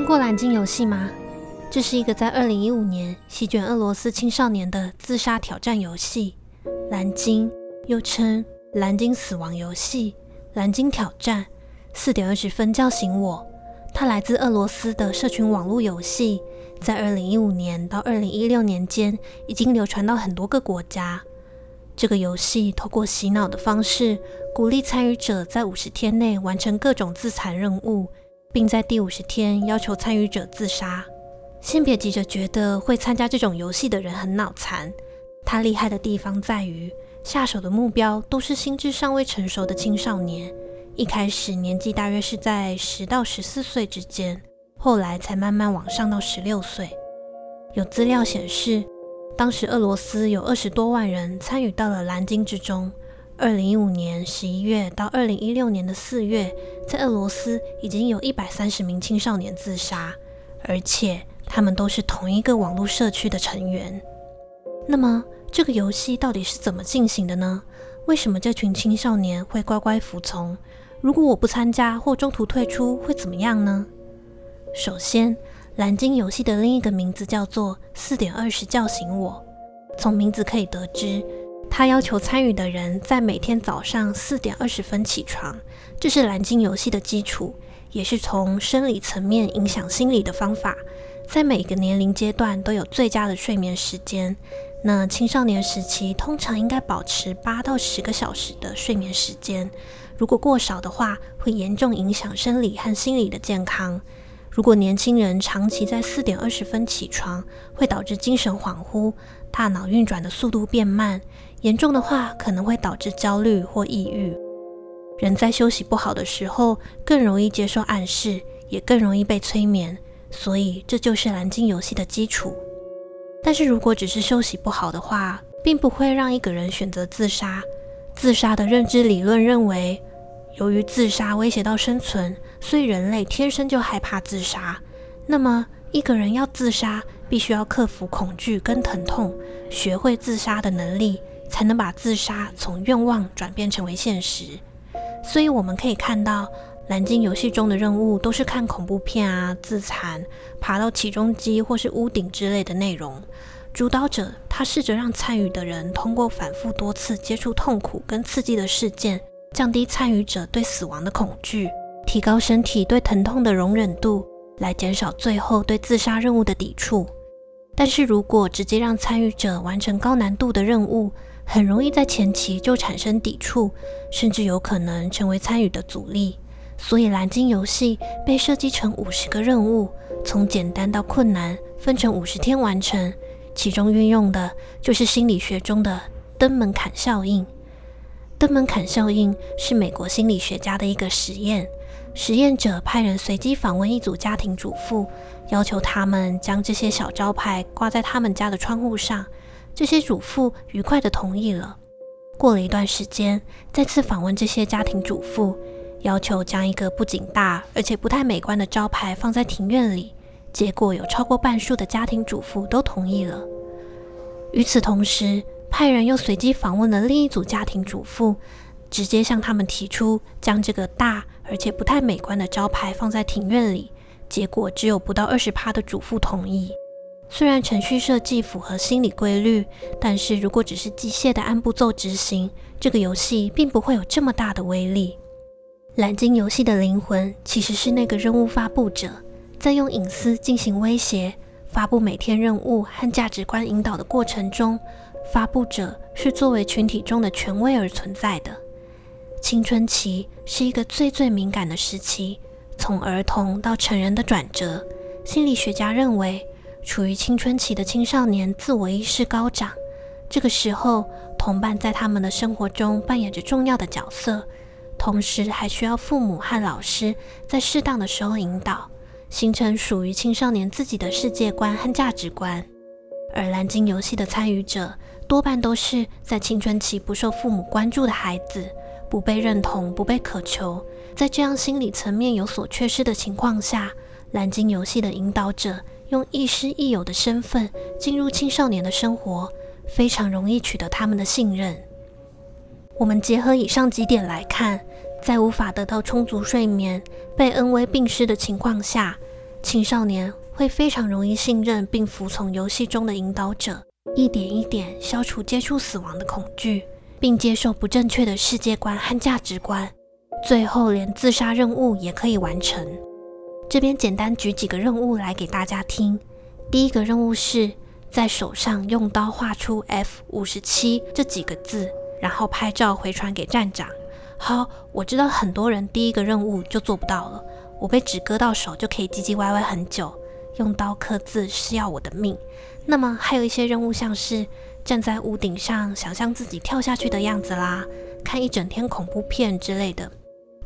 聽過藍鯨遊戲嗎？這是一個在二零一五年席捲俄羅斯青少年的自殺挑戰遊戲，藍鯨又稱藍鯨死亡遊戲、藍鯨挑戰。四點二十分叫醒我。它來自俄羅斯的社群網絡遊戲，在二零一五年到二零一六年間已經流傳到很多個國家。這個遊戲通過洗腦的方式，鼓勵參與者在五十天內完成各種自殘任務。並在第五十天要求參與者自殺。先別急着覺得會參加這種遊戲的人很腦殘，他厲害的地方在於下手的目標都是心智尚未成熟的青少年，一開始年紀大約是在十到十四歲之間，後來才慢慢往上到十六歲。有資料顯示，當時俄羅斯有二十多萬人參與到了藍鯨之中。二零一五年十一月到二零一六年的四月，在俄羅斯已經有一百三十名青少年自殺，而且他們都是同一個網絡社區的成員。那麼這個遊戲到底是怎麼進行的呢？為什麼這群青少年會乖乖服從？如果我不參加或中途退出會怎麼樣呢？首先，《藍鯨遊戲》的另一個名字叫做“四點二十叫醒我”。從名字可以得知，他要求參與的人在每天早上四點二十分起床，這是藍鯨遊戲的基礎，也是從生理層面影響心理的方法。在每個年齡階段都有最佳的睡眠時間，那青少年時期通常應該保持八到十個小時的睡眠時間，如果過少的話，會嚴重影響生理和心理的健康。如果年輕人長期在四點二十分起床，會導致精神恍惚，大腦運轉的速度變慢，嚴重的話可能會導致焦慮或抑鬱。人在休息不好的時候，更容易接受暗示，也更容易被催眠，所以這就是藍鯨遊戲的基礎。但是如果只是休息不好的話，並不會讓一個人選擇自殺。自殺的認知理論認為，由於自殺威脅到生存，所以人類天生就害怕自殺。那麼，一個人要自殺，必須要克服恐懼跟疼痛，學會自殺的能力，才能把自殺從願望轉變成為現實。所以，我們可以看到藍鯨遊戲中的任務都是看恐怖片啊、自殘、爬到起重機或是屋頂之類的內容。主導者他試着讓參與的人通過反覆多次接觸痛苦跟刺激的事件。降低參與者對死亡的恐懼，提高身體對疼痛的容忍度，來減少最後對自殺任務的抵觸。但是如果直接讓參與者完成高難度的任務，很容易在前期就產生抵觸，甚至有可能成為參與的阻力。所以，《藍鯨遊戲》被設計成五十個任務，從簡單到困難，分成五十天完成，其中運用的就是心理學中的登門檻效應。登門檻效應是美國心理學家的一個實驗。實驗者派人隨機訪問一組家庭主婦，要求他們將這些小招牌掛在他們家的窗戶上。這些主婦愉快地同意了。過了一段時間，再次訪問這些家庭主婦，要求將一個不僅大而且不太美觀的招牌放在庭院裡。結果有超過半數的家庭主婦都同意了。與此同時，派人又隨機訪問了另一組家庭主婦，直接向他們提出將這個大而且不太美觀的招牌放在庭院裡。結果只有不到二十趴的主婦同意。雖然程序設計符合心理規律，但是如果只是機械的按步驟執行，這個遊戲並不會有這麼大的威力。藍鯨遊戲的靈魂其實是那個任務發布者，在用隱私進行威脅、發布每天任務和價值觀引導的過程中。發布者是作為群體中的權威而存在的。青春期是一個最最敏感的時期，從兒童到成人的轉折。心理學家認為，處於青春期的青少年自我意識高漲，這個時候，同伴在他們的生活中扮演着重要的角色，同時還需要父母和老師在適當的時候引導，形成屬於青少年自己的世界觀和價值觀。而藍鯨遊戲的參與者，多半都是在青春期不受父母關注的孩子，不被認同、不被渴求，在這樣心理層面有所缺失的情況下，藍鯨遊戲的引導者用亦師亦友的身份進入青少年的生活，非常容易取得他們的信任。我們結合以上幾點來看，在無法得到充足睡眠、被恩威並施的情況下，青少年會非常容易信任並服從遊戲中的引導者。一點一點消除接觸死亡的恐懼，並接受不正確的世界觀和價值觀，最後連自殺任務也可以完成。這邊簡單舉幾個任務來給大家聽。第一個任務是在手上用刀畫出 “F57” 這幾個字，然後拍照回傳給站長。好，我知道很多人第一個任務就做不到了，我被紙割到手就可以唧唧歪歪很久。用刀刻字是要我的命，那麼還有一些任務，像是站在屋頂上想象自己跳下去的樣子啦，看一整天恐怖片之類的，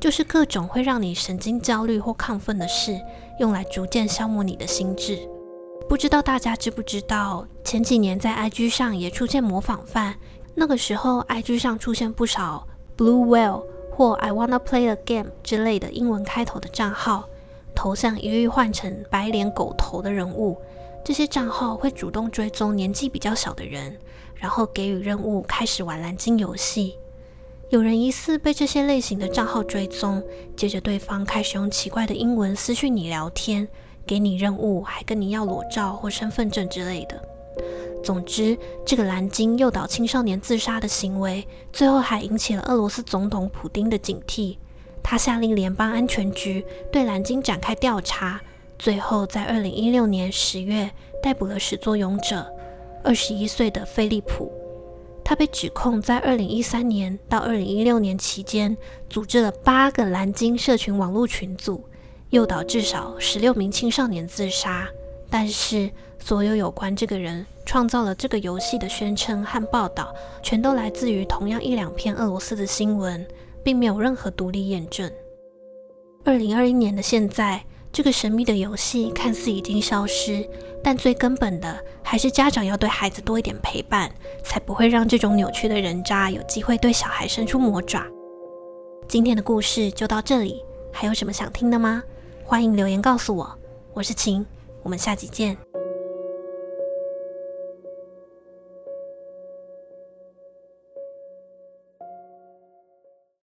就是各種會讓你神經焦慮或亢奮的事，用來逐漸消磨你的心智。不知道大家知不知道，前幾年在 IG 上也出現模仿犯，那個時候 IG 上出現不少 Blue Whale 或 I wanna play a game 之類的英文開頭的賬號。頭像一律換成白臉狗頭的人物，這些賬號會主動追蹤年紀比較小的人，然後給予任務，開始玩藍鯨遊戲。有人疑似被這些類型的賬號追蹤，接着對方開始用奇怪的英文私訊你聊天，給你任務，還跟你要裸照或身份證之類的。總之，這個藍鯨誘導青少年自殺的行為，最後還引起了俄羅斯總統普丁的警惕。他下令聯邦安全局對藍鯨展開調查，最後在二零一六年十月逮捕了始作俑者，二十一歲的菲利普。他被指控在二零一三年到二零一六年期間組織了八個藍鯨社群網絡群組，誘導至少十六名青少年自殺。但是，所有有關這個人創造了這個遊戲的宣稱和報道，全都來自於同樣一兩篇俄羅斯的新聞。並沒有任何獨立驗證。二零二一年的現在，這個神秘的遊戲看似已經消失，但最根本的還是家長要對孩子多一點陪伴，才不會讓這種扭曲的人渣有機會對小孩伸出魔爪。今天的故事就到這裡，還有什麼想聽的嗎？歡迎留言告訴我。我是晴，我們下期見。